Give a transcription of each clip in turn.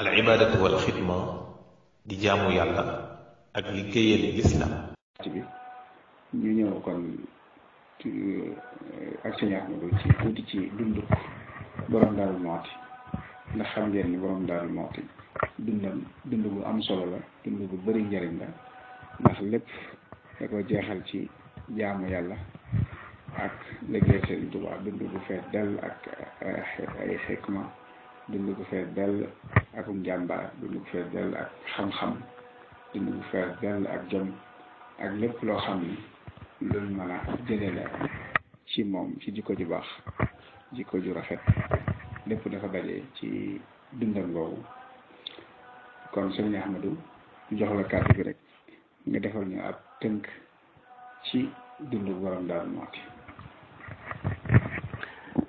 al ibaadatu wal xidma di jaamu yàlla ak liggéeyal lislaam bi ñu ñëw euh, ci tuuti xam ngeen ni daal Daaru Muxti dund bu am solo la dund bu bari njariñ la ndax lépp da ko jeexal ci jaamu yàlla ak liggéey Sëriñ Tuubaa dund bu fees dell ak ay xikma dund ko fees dell ak njàmbaar dund ko fees dell ak xam-xam dund ko fees dell ak jom ak lépp loo xam ni loolu mën a la ci moom ci jikko ju baax jikko ju rafet lépp dafa daje ci dundam googu kon sëñ Ahmadou jox la kàddu gi rek nga defal ñu ab tënk ci dundu borom Daaru Muxti.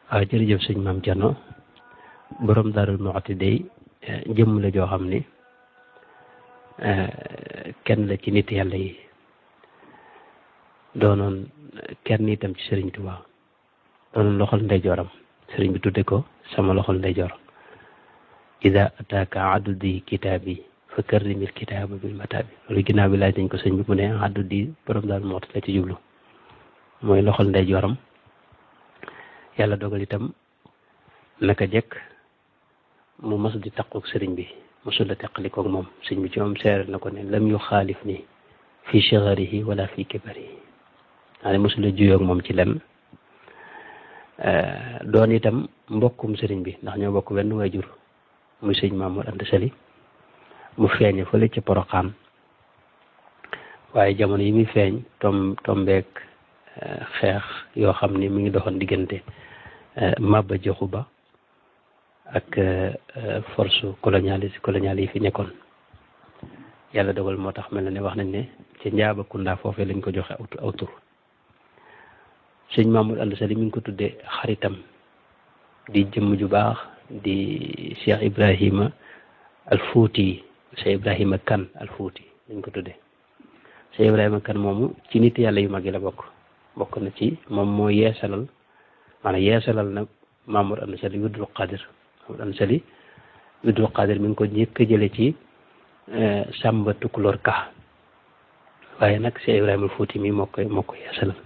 waaw ah, jërëjëf sëñ Maam Thierno. borom Daaru Muxti day eh, jëmm la joo xam ni eh, kenn la ci nit yàlla yi doonoon eh, kenn itam ci sëriñ Tuubaa doonoon loxol ndeyjooram sëriñ bi tudde ko sama loxol ndeyjoor ida ataaka adudi kitaabi fa karrimil kitaaba bil mataabi loolu ginnaaw bi laaj nañ ko sëñ bi mu ne adudi borom Daaru la ci jublu mooy loxol ndeyjooram yàlla dogal naka jekk mu mas di takkook sëriñ bi mosula teqalikoog moom sëriñ bi ci moom seeral na ko ne lam yu xaalif ni fi sigarihi wala fi kibarihi maa ne mosula juyoog moom ci lenn euh, doon itam mbokkum sëriñ bi ndax ñoo bokk wenn waajur muy sëriñ Mamour Anta Sali mu feeñe fële ca Poroxaan waaye jamono yi feeñ tom tombeek euh, xeex yoo xam ni mi ngi doxoon diggante euh, Maba Jaxu Ba ak euh, force colonialiste coloniale yi fi nekkoon yàlla dogal moo tax mel na ne wax nañ ne ci Njaaba Kunda foofee lañ ko joxe aw tur sëñ Mamour Anta Sali mi ko tuddee xaritam di jëmm ju baax di Cheikh Ibrahima Alfouti Cheikh Ibrahima Kan Alfouti lañ ko tuddee Cheikh Ibrahima Kan moomu ci nit yàlla yu mag yi la bokk bokk na ci moom moo yeesalal maanaam yeesalal na Mamour Anta Sali wirdul Qadir Mahmoud Amsali Abdul Qadir mi ngi ko njëkk jële ci eh, Sàmba Tukulóor Ka waaye nag Cheikh Ibrahima Fouti mi moo koy moo koy yeesalal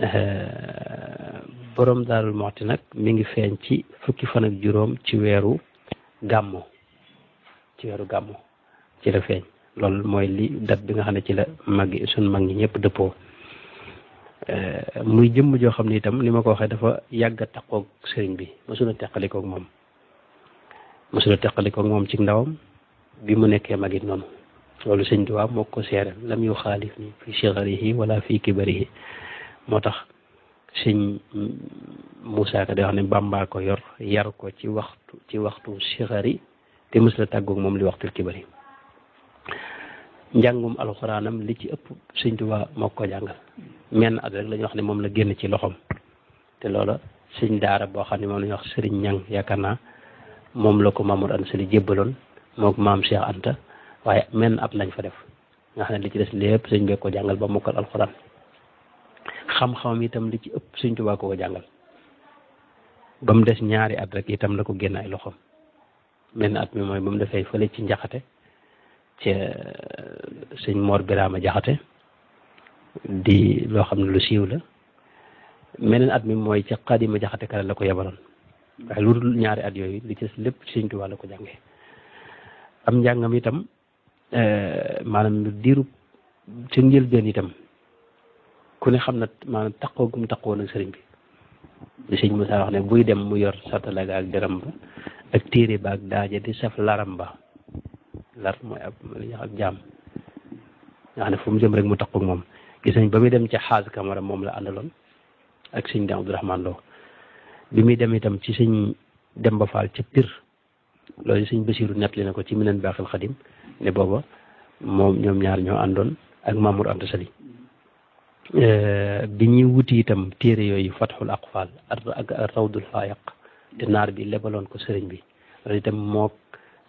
eh, borom Daarul nag mi ngi feeñ ci fukki fan ak juróom ci weeru gàmmo ci weeru la feeñ loolu mooy li date bi nga xam ne ci la mag ñi ñëpp dëppoo Euh, muy jëmm joo xam ne itam ni ma ko waxee dafa yàgg a taqoog sëriñ bi mosula teqalikoog moom mosula teqalikoog moom ci ndawam bi mu nekkee magit noonu loolu sëñ Tuubaa moo ko seeral lam yu xaalif ni fi sigarihi wala fi kibarihi moo tax sëñ Moussa Ka di wax ne Bàmbaa ko yor yar ko ci waxtu ci waxtu sigari te mosula tàggoog moom li waxtul kibari njàngum alxuraanam li ci ëpp sëñ Tuubaa moo ko jàngal menn at rek la wax ne moom la génn ci loxoom te loolo sëñ daara boo xam ne moom la ñuy wax sëriñ ñang yaakaar naa moom la ko Mamour Anta Sali jébbaloon mook maam Cheikh Anta waaye menn at lañ fa def nga ne li ci des lépp sëñ bee ko jàngal ba mokkal alxuraan xam-xamam itam li ci ëpp sëñ Tuubaa ko ko jàngal ba des ñaari at rek itam la ko génn ay loxoom menn at mi mooy ba mu defee fële ci njaxate ca sëñ Mor Birama Jaxate di loo xam ne lu siiw la meneen at mi mooy ca Xaadima Jaxate ka la ko yebaloon waaye lu dul ñaari at yooyu li ci lépp sëñ Tuubaa la ko jànge am njàngam itam e, maanaam diiru ca njëlbeen itam ku ne xam na maanaam taqoo gum taqoo nag sëriñ bi li mu saa wax ne buy dem mu yor satalaga ak deram ba ak téere ba ak daaje di saf laram ba lar mooy ab ak jaam nga xam ne mu jëm rek mu takku moom gis ba muy dem ci xaas Camara moom la àndaloon ak sëñ Dame Abdourahmane Lo bi muy dem itam ci sëñ Demba Fall ca Pire loolu sëñ Basiru nettali na ko ci Minane Baaxil Xadim ne booba moom ñoom ñaar ñoo àndoon ak Mamour Anta Sali bi ñuy wuti itam téere yooyu Fatxul Aqfal ak Rawdul Fayaq te naar bi lebaloon ko sëriñ bi loolu itam moo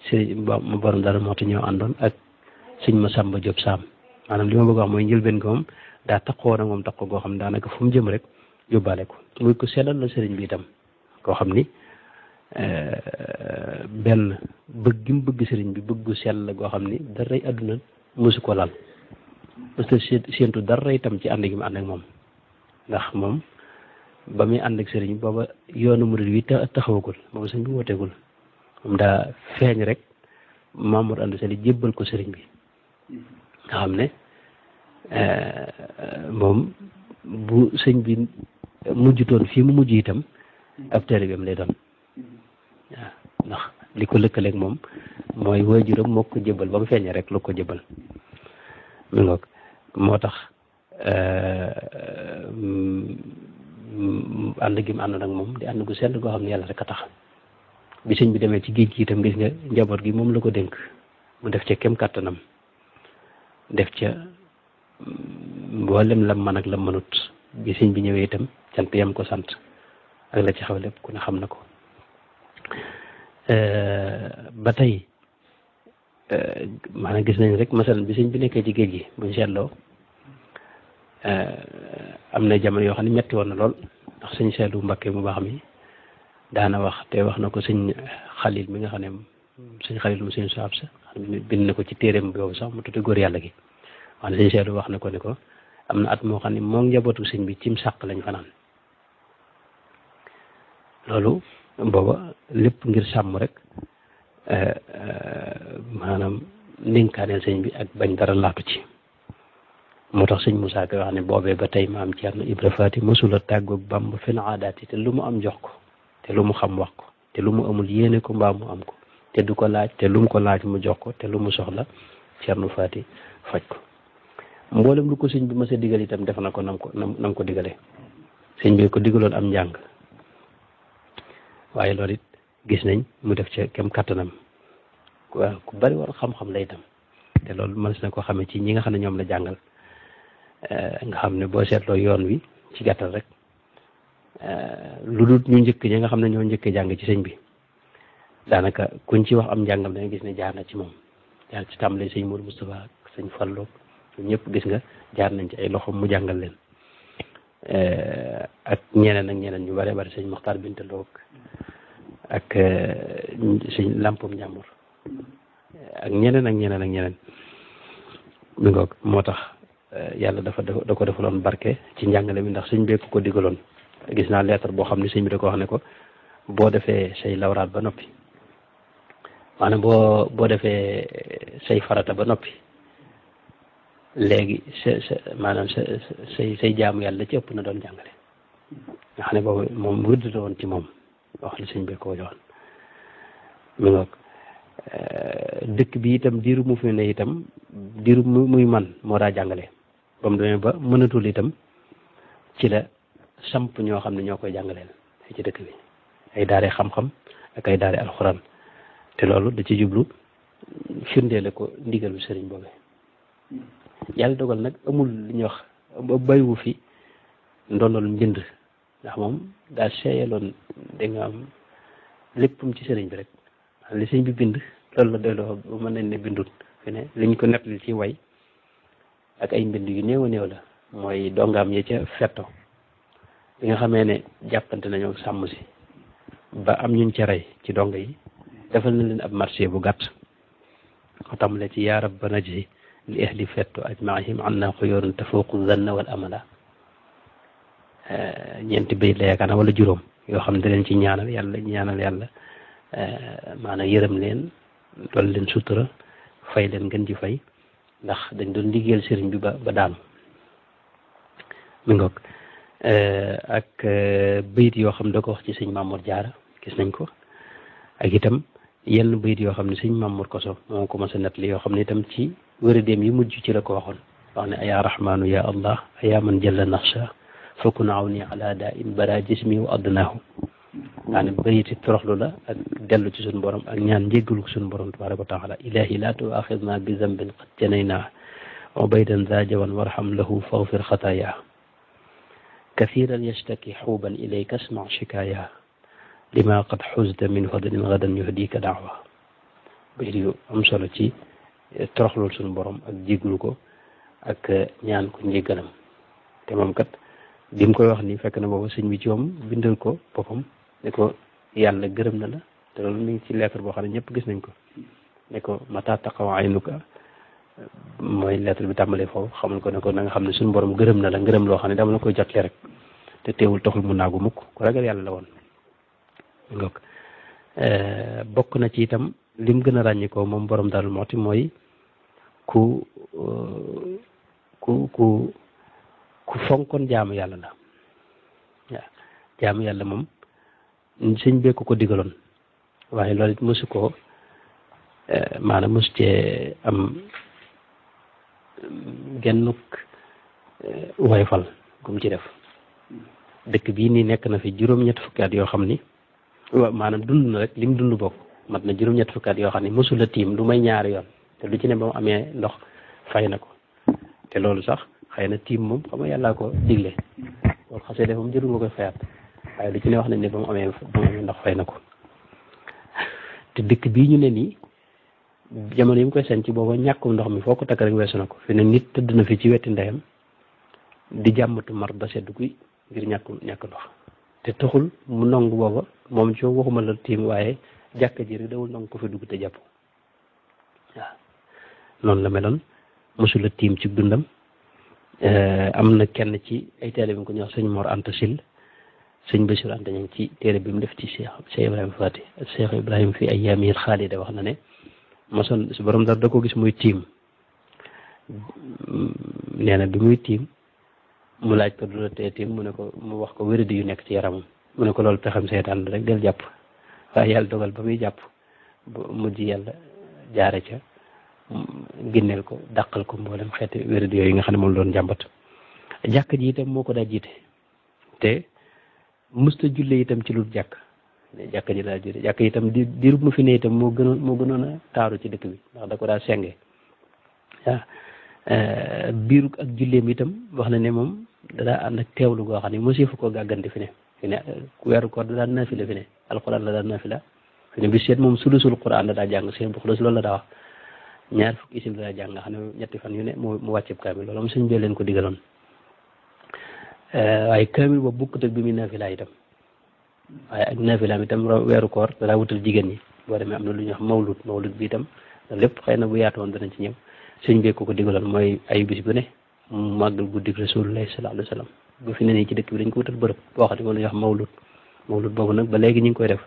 sëriñ ma borom dara moo te ñoo àndoon ak sëñ ma sàmba Diop Sam maanaam li ma bëgg wax mooy njëlbeen ko moom daa taxawoon ak moom tax goo xam daanaka fu mu jëm rek yóbbaale ko muy ko seddal la koo xam ni euh, benn bëgg gi sëriñ bi bëggu sell la goo xam ni daray àdduna mosu ko lal parce que séentu itam ci ànd gi mu ànd ak moom ndax moom ba muy ànd ak sëriñ booba yoonu murid wi taxawagul booba sëñ bi wooteegul moom daa feeñ rek Mamour Anta Sali jébbal ko sëriñ bi nga xam ne euh, moom bu sëñ bi mujjutoon fii mu mujj itam ab taalibeem lay doon waaw ndax li ko lëkkaleek moom mooy waajuram moo ko jëbal ba mu feeñee rek lu ko jëbal mi ngoog moo tax euh, mm, mm, ànd gi mu ànd nag moom di ànd gu sell goo xam ne yàlla rek a tax bi sëñ bi demee ci géej gi itam gis njaboot gi moom la ko dénk mu def ca kem kàttanam def ca mm, mboolem la man ak la manut bi sëñ bi ñëwee itam sant yam ko sant ak la ci xaw lépp ku ne xam na ko euh, ba tey euh, maanaam gis nañ rek masalan bi sëñ bi nekkee ci géej gi buñ seetloo euh, am na jamono yoo xam ne metti woon na lool ndax sëñ seetlu Mbàkke mu baax mi daana wax te wax na ko sëñ xalil mi nga xam ne sëñ xalil mu sëñ saab sa bind na ko ci téeréem boobu sax mu tudde góor yàlla gi wax na sëñ wax na ko ne ko am na at moo xam ne moom njabootu sëñ bi cim sàq lañ fanaan loolu booba lépp ngir sàmm rek eh, eh, maanaam ndénkaaneel sëñ bi ak bañ dara laatu ci moo tax sëñ Moussa Ka wax ne boobee ba tey maam Thierno Ibra Faati mosula tàggoog Bàmba te lu mu am jox ko te lu mu xam wax ko te lu mu amul yéene ko mbaa mu am ko te du ko laaj te lu mu ko laaj mu jox ko te lu mu soxla Cerno Faati faj ko mboolem lu ko sëñ bi mës a digal itam def na ko nam ko nam ko digalee sëñ bi ko digaloon am njàng waaye loolu it gis nañ mu def ca kem kattanam waaw ku bari war xam te loolu mën na ko xamee ci ñi nga xam ne ñoom la jàngal eh, nga xam ne boo seetloo yoon wi ci gàttal rek Euh, lu dul ñu njëkk ñi nga xam ne ñoo njëkk jàng ci sëñ bi daanaka kuñ ci wax am njàngam da gis ne jaar na ci moom jaar ci tàmbali sëñ Mourou Moustapha sëñ Fallou ñëpp gis nga jaar nañ ci ay loxoom mu jàngal leen euh, ak ñeneen ak ñeneen ñu bare bari sëñ Mokhtar Bintaloo ak euh, sëñ Lampum Njàmbur ak ñeneen ak ñeneen ñeneen mi ngoog moo tax yàlla dafa da ko defaloon barke ci njàngale mi ndax sëñ beeku ko digaloon gis naa lettre boo xam ne sëñ bi da ko wax ne ko boo defee say lawraat ba noppi maanaam boo boo defee say farata ba noppi léegi maanaam sa say say jaamu yàlla ci ëpp na doon jàngale nga xam ne boobu moom wëddute woon ci moom wax li sëñ bi ko joxoon mi eh, dëkk bi itam diiru mu fi ne itam diiru muy man moo daa jàngale ba demee ba mënatul itam ci la samp ñoo xam ne ñoo koy jàngaleel ci dëkk bi ay daare xam-xam ak ay daare alxuraan te loolu da ci jublu firndeele ko ndigalu sëriñ boobe yàlla dogal nag amul lu ñuy wax bayiwu fi ndonol mbind ndax moom daa seeyaloon da nga am léppam ci sëriñ bi rek li sëriñ bi bind loolu la doyloo ba mën nañ ne bindut fi liñ ko nettali ci way ak ay mbind yu néew a néew la mooy dongaam ya ca fetto bi nga xamee ne jàppante nañoo sàmm si ba am ñuñ ca ci dongo yi defal na leen ab marché bu gàtt ko tamle ci yaa rabbana ji li ahli fettu ajmaahim an naa ko yoorun tafuuqu zanna wal amala eh, ñeenti bayit la yaakaar na wala juróom yoo xam ne da leen ci ñaanal yàlla ñaanal yàlla eh, maanaam yërëm leen dool leen sutura fay leen gën ji fay ndax dañ doon liggéeyal sëriñ bi ba ba daanu mi ngoog Euh, ak euh, bayit yoo xam ne da ko wax ci sëñ Mamour Diarra gis nañ ko ak itam yenn bayit yoo xam ne sëñ Mamour Koso moo ko mos a nettali yoo xam ne tam ci wéradéem yi mujj ci la ko waxoon wax ne yaa rahmaanu ya allah yaa man jalla naxsha fakun awni ala daa in bara jismi wa adnaahu daa ne bayiti ak dellu ci suñu borom ak ñaan njéggalu suñu borom tabaraka wa taala ilahi la tuaxidna bi zambin qad janayna ubaydan za jawan warham lahu faghfir xataaya كثيرا يشتكي حوبا إليك اسمع شكاياه لما قد حزت من فضل غدا يهديك دعوة bayit yu am solo ci toroxlul suñu borom ak jéglu ko ak ñaan ko njéggalam te moom kat bi mu koy wax ni fekk na booba sëñ bi ci moom bindal ko boppam ne ko yàlla gërëm na la te loolu mi ngi ci lettre boo xam ne ñëpp gis nañ ko ne ko mata taqaw aynuka mooy lettre bi tàmbalee foofu xamal ko ne ko na nga xam ne suñu borom gërëm na la ngërëm loo xam ne dama la koy jotle rek te teewul taxul mu naagu mukk ko ragal yàlla la woon euh, bokk na ci itam lim gën a ràññikoo moom borom daal moo mooy ku euh, ku yàlla la yàlla moom sëñ bee ko ko digaloon waaye loolu it mosu koo euh, maanaam am gennuk eh, woyfal gum ci def dëkk bii nii nekk na fi juróom-ñett fukki at yoo xam ni maanaam dund na rek lim dund bokk mat na juróom-ñett fukki at yoo xam ni mosula tiim lu may ñaari yoon te lu ci ne ba amee ndox fay na ko te loolu sax xëy na tiim moom xam nga ko digle loolu moom jëru nga koy fayaat waaye ne wax nañ ne ba amee ba mu amee ndox fay na ko te dëkk bii ñu ne nii jamono yi mu koy sanc booba ñàkkum ndox mi foo ko takk rek weesu na ko fi ne nit tëdd na fi ci wetti ndeyam di jàmmatu mar ba sedd guy ngir ñàkku ñàkk ndox te taxul mu nangu booba moom ci waxuma la tiim waaye jàkka ji rek dawul nangu ko fi dugg te jàpp waaw noonu la meloon mosula tiim ci dundam eh, am na kenn ci ay taalibe bi ko ñu wax sëñ Mor Anta Sil sëñ Bachir Anta ñangi ci téere bi mu def ci Cheikh Cheikh Ibrahima Fati Cheikh Ibrahima fi ay wax na ne mason si borom dar da ko gis muy tiim nee bi muy tiim mu laaj ko du la tee tiim mu ne ko mu wax ko wéradi yu nekk ci yaramam mu ne ko loolu pexam seetaan rek del jàpp waaye yàlla dogal ba muy jàpp mu mujj yàlla jaare ca génneel ko dàqal ko mboolem xeeti wéradi yooyu nga xam ne moom doon jàmbat jàkk ji itam moo ko daa jiite te musta julle itam ci lu jàkk jàkk ji laa jóge jàkka itam di diirub mu fi ne itam moo gënoon moo gënoon a taaru ci dëkk bi ndax da ko daa senge waaw eh, biiru ak julleem itam wax na ne moom da daa ànd ak teewlu goo xam ne mosi fu ko gàggante fi ne eh, da daan naafila fi ne la daan naafila fi ne bi seet moom sulusul quran la daa jàng seen bu xulus loolu la daa wax ñaar fukki isim la daa jàng nga xam ñetti fan yu ne mu mu wàcceb kaamil loolu moom suñ bee leen ko digaloon eh, waaye kaamil boobu bukkut ak bi muy naafila itam waaye ak naafilaam itam weeru koor dalaa wutal jigéen ñi boo demee am na lu ñuy wax mawlut mawlut bi itam lépp xëy na bu yaatu yaatoon danañ ci ñëw sëñ bee ko ko digaloon mooy ay bis bu ne mu màggal guddik rasulullahi sallallahu alayhi wa sallam bu fi ne nii ci dëkk bi dañ ko wutal bërëb boo xam ne moom la ñuy wax mawlut mawlut boobu nag ba léegi ñu ngi koy def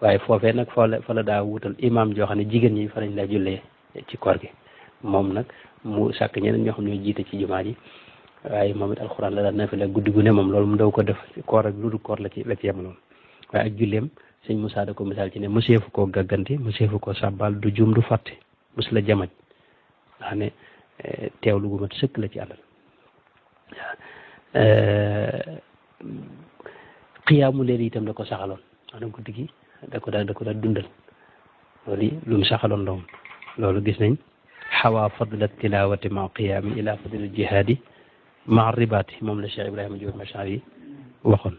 waaye foofee nag foo la fa la daa wutal imaam joo xam ne jigéen ñi fa lañ lay jullee ci koor gi moom nag mu sàkk ñeneen ñoo xam ne ñoo ci jumaa ji waaye moom it alxuraan la daan nafila guddi gu ne moom loolu mu daw ko def koor ak ludul koor la ci la ci yemaloon waaye ak julleem sëñ Moussa ko misaal ci ne mëseefu koo gàgganti mëseefu koo sàbbaal du juum du fàtte du la jamaj nga xam ne eh, teewlu gu mat sëkk la ci eh, da ko saxaloon maanaam guddi gi da ko da ko daal dundal loolu lu mu saxaloon loolu gis nañ xawaa fadla tilawati ma qiyaami ila fadla jihaadi maa ribaati moom la Cheikh Ibrahima Diop Machar yi waxoon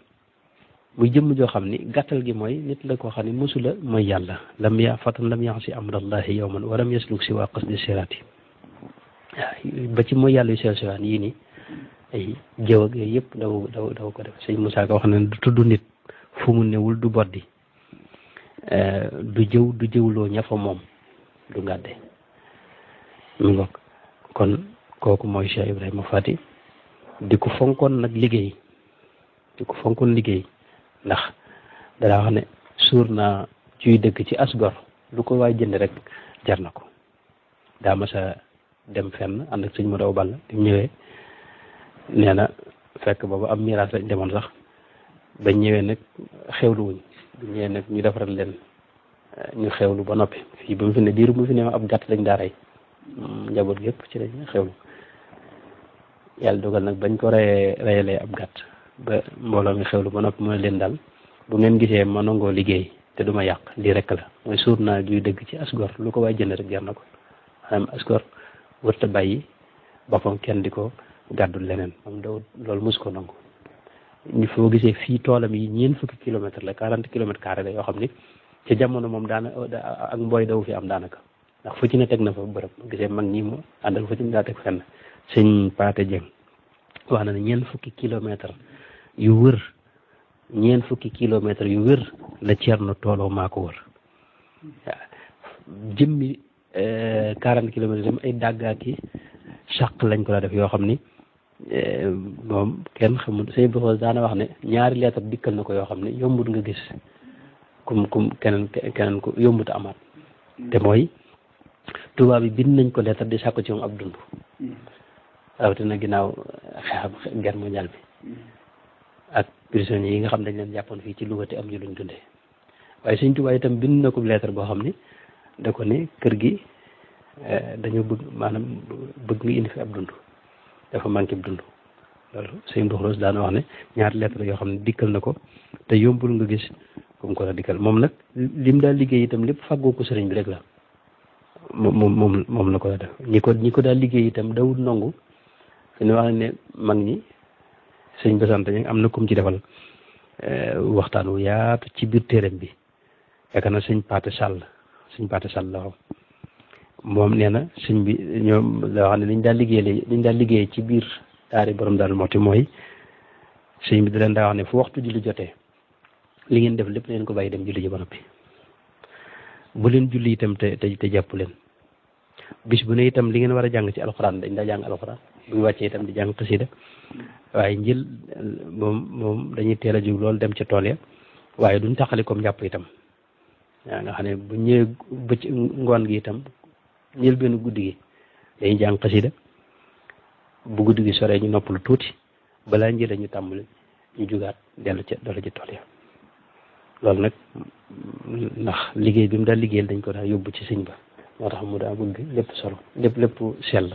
muy jëmm joo xam ni gàttal gi mooy nit la koo xam ne mosula mooy yàlla lam yaa fatan lam yaxsi amrallahi yowman walam yasluk si waa qasdi siraati ba ci mooy yàlla yu seel yii nii ay jëw ak yooyu yëpp daw daw ko def sëñ Moussa Ka wax na du tudd nit fu mu newul du boddi du jëw du jëwloo ñafa moom du ngàdde mu ngoog kon kooku mooy Cheikh Ibrahima Fati di ko fonkoon nag liggéey di ko fonkoon liggéey ndax danaa wax ne suur na ciy dëkk ci asgor lu ko waay jënd rek jar na ko daa mas dem fenn ànd ak sëñ mu daw ball di ñëwee nee na fekk boobu am miraas lañ demoon sax bañ ñëwee nag xewlu wuñ bu ñëwee nag ñu defaral leen eh, ñu xewlu ba noppi fii ba mu fi ne diiru bu fi ne ab gàtt lañ daa rey mm, njaboot gépp ci lañ xewlu yàlla dogal nag bañ ko rayee rayalee ab gàtt ba mbooloo mi lu ba noppi mooy leen daal bu ngeen gisee ma nangoo liggéey te duma yàq lii rekk la mooy suur naa duy dëgg ci asgor lu ko waay jënd rek jar na ko maanaam asgor wërta bàyyi boppam kenn di ko gàddul leneen moom daw loolu mosu ko nangu ñu foo gisee fii toolam yi ñeent fukki kilomètres la quarante kilomètres carré yoo xam ni ca jamono moom daana ak mbooy daw fi am daanaka ndax fu ci ne teg na fa bërëb gisee mag ñi mu àndal fu ci sëñ Paate Jeng wax na ne ñeent fukki kilomètre yu wër ñeent fukki kilomètre yu wër la Ceerno tooloo maa ko wër waaw euh, quarante kilomètres dem ay dàggaaki sàq lañ ko la def yoo xam ni euh, moom kenn xamul sëñ bi xool daana wax ne ñaari lettre dikkal na ko yoo xam ne yombut nga gis kum kum keneen ko yombut amaat mm. te mooy tubaab bi bind nañ ko lettre di sàkk ci moom ab dund mm. rawatina ginnaaw xeexam guerre mondiale bi ak prisonniers yi nga xam dañ leen jàppoon fii ci Louga te am ñu luñ dundee waaye Sëñ Tuubaa itam bind na ko lettre boo xam ni da ko ne kër gi eh, dañoo bëgg maanaam bëgg nga indi fi ab dafa manqué dund loolu Sëñ Abdou Khoudoss wax ne ñaari lettre yoo xam ne dikkal na ko te yombul nga gis ku ko la dikkal moom nag lim daal liggéey itam lépp fàggoo ko sëriñ bi rek la moom moom moom la ko la def ñi ko ñi ko daal liggéey itam dawul nangu fi ñu wax ne mag ñi sëñ Basanta ñu am na kum ci defal eh, waxtaan wu yaatu ci biir téeram bi yaakaar na sëñ Paate Sall sëñ Paate Sall la moom nee na sëñ bi ñoom la wax ne liñ daal liggéey liñ daal liggéey ci biir daari borom daal moo ti mooy sëñ bi da leen wax ne foo waxtu julli jotee li ngeen def lépp na ngeen ko bàyyi dem julli ji ba noppi bu leen julli itam te te jàpp leen bis bu ne itam li ngeen war a jàng ci alxuraan dañ daa jàng alxuraan bu ñu wàccee itam di jàng xasida waaye njël moom dañuy teel a jóg loolu dem ca tool ya waaye duñ taxali comme njàpp itam waaw nga xam ne bu ñëwee bëcc ngoon gi itam njël benn guddi gi bu guddi gi soree ñu noppalu tuuti balaa njële ñu tàmbali ñu jugaat dellu ca dellu tool ya loolu nag ndax liggéey bi mu daal liggéeyal dañ ko daal yóbbu ci sëñ ba moo tax mu daa bëgg lépp solo lépp lépp sell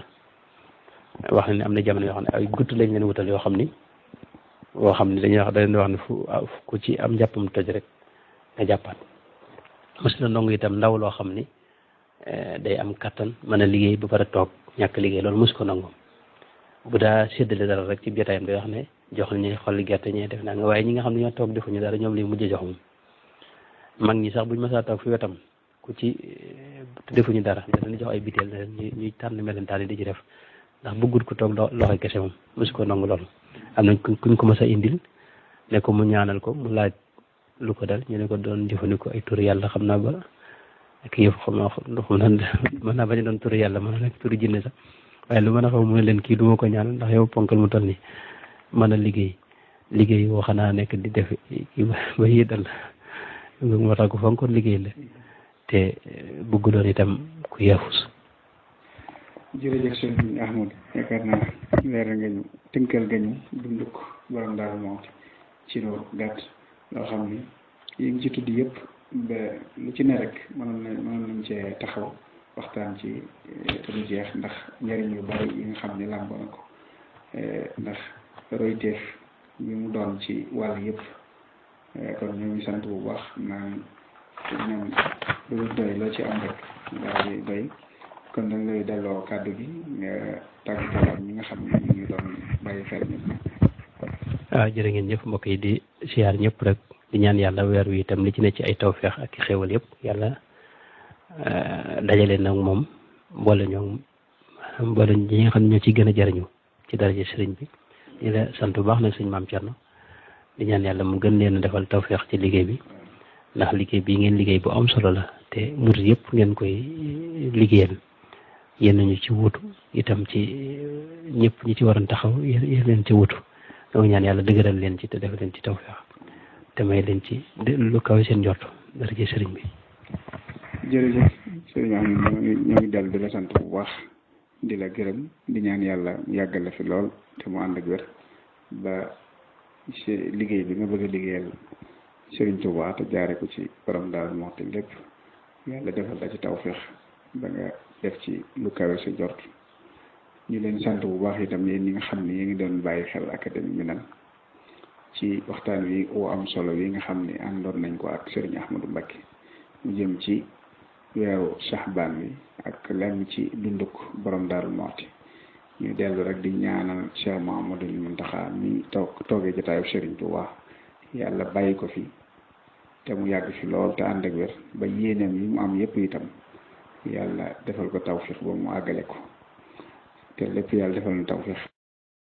wax na ne am na jamono yoo xam ne ay gudd lañ leen wutal yoo xam ni woo xam ne dañuy wax da leen wax ne fu ku ci am njàppam toj rek nga jàppaat mos la ndongo itam ndaw loo xam ni eh, day am kattan mën a liggéey ba pare toog ñàkk liggéey loolu mos ko nangoom bu daa séddale dara rek ci jotaayam day wax ne jox ñuy xolli gerte ñee def naa nga waaye ñi nga xam ne ñoo toog defuñu dara ñoom lay mujj jox moom mag ñi sax buñ mësaa toog fi wetam ku ci eh, defuñu dara dañu jox ay biteel ñuy tànn melentaan yi di ci def ndax bëggul ko toog loxo kese moom mosu ko nangu lool am nañ kuñ ko mës a indil ne ko mu ñaanal ko mu laaj lu ko dal ñu ne ko doon jëfandikoo ay turu yàlla xam naa ba ak yëf xam naa xam naa mën naa bañ a doon turu yàlla mën na nekk turu jinne sax waaye lu mën a xam mu ne leen kii du ma ko ñaanal ndax yow ponkal mu toll nii man a liggéey liggéey boo naa nekk di def ba yi dal moo tax ko fonkoon liggéey la te bëgguloon itam ku yaafus jërëjëf si bi Ahmad yaakaar naa leer nga ñu tënkal nga ñu dunduk borom Daaru Muxti ci loolu gàtt loo xam ni yi ngi ci tudd yëpp lu ci ne rek mënoon nañ mënoon nañ cee taxaw waxtaan ci eh, te du ndax njëriñ yi xam ne làmb na ko eh, ndax royteef bi mu doon ci wàll yëpp eh, kon ñoo ngi sant bu baax naan ñoom lu doy loo ci am rek daal doy kon dañ lay delloo kàddu gi waaw ah, jërë ngeen ñëpp mbokk yi di siyaar ñëpp rek di ñaan yàlla weer wi itam li ci ne ci ay taw tawféex ak i xéewal yëpp yàlla ah, dajale nag moom boole ñoom mboole ñi nga xam ne ñoo ci gën a jëriñu ci daraja sëriñ bi di sant baax nag suñ maam Thierno di ñaan yàlla mu gën leen a defal taw feex ci liggéey bi ndax liggéey bii ngeen liggéey bu am solo la te murit yëpp ngeen koy liggéeyal. yéen ñu ci wutu itam ci ñëpp ñi ci waroon taxaw yéen leen ci wutu doo ñaan yàlla dëgëral leen ci te def leen ci tawfeex te may leen ci lu kaw seen njort dara ci sëriñ bi. jërëjëf sëriñ Amady ñoo di la sant di ñaan yàlla yàggal fi lool te mu ànd ak wér liggéey bi nga bëgg a daal moxti lépp yàlla defal la ci tawfeex. ba nga def ci lu kawe sa jort ñu leen sant bu baax itam yéen ñi nga xam ne yéen ngi doon bàyyi xel académie bi nag waxtaan wi am solo wi nga xam ne àndoon nañ ko ak Serigne Ahmadou Mbacké mu jëm ci weeru saxbaan bi ak lenn ci dunduk borom Daaru Muxti ñu dellu rek di ñaanal Cheikh Mouhamadoul Mountakha mi toog toogee jotaayu Serigne Touba yàlla bàyyi ko fi te mu yàgg fi lool te ànd ak wér ba yéeneem yi mu am yépp itam yàlla defal ko tawfiix ba mu àggale ko te lépp yàlla defal na tawfiix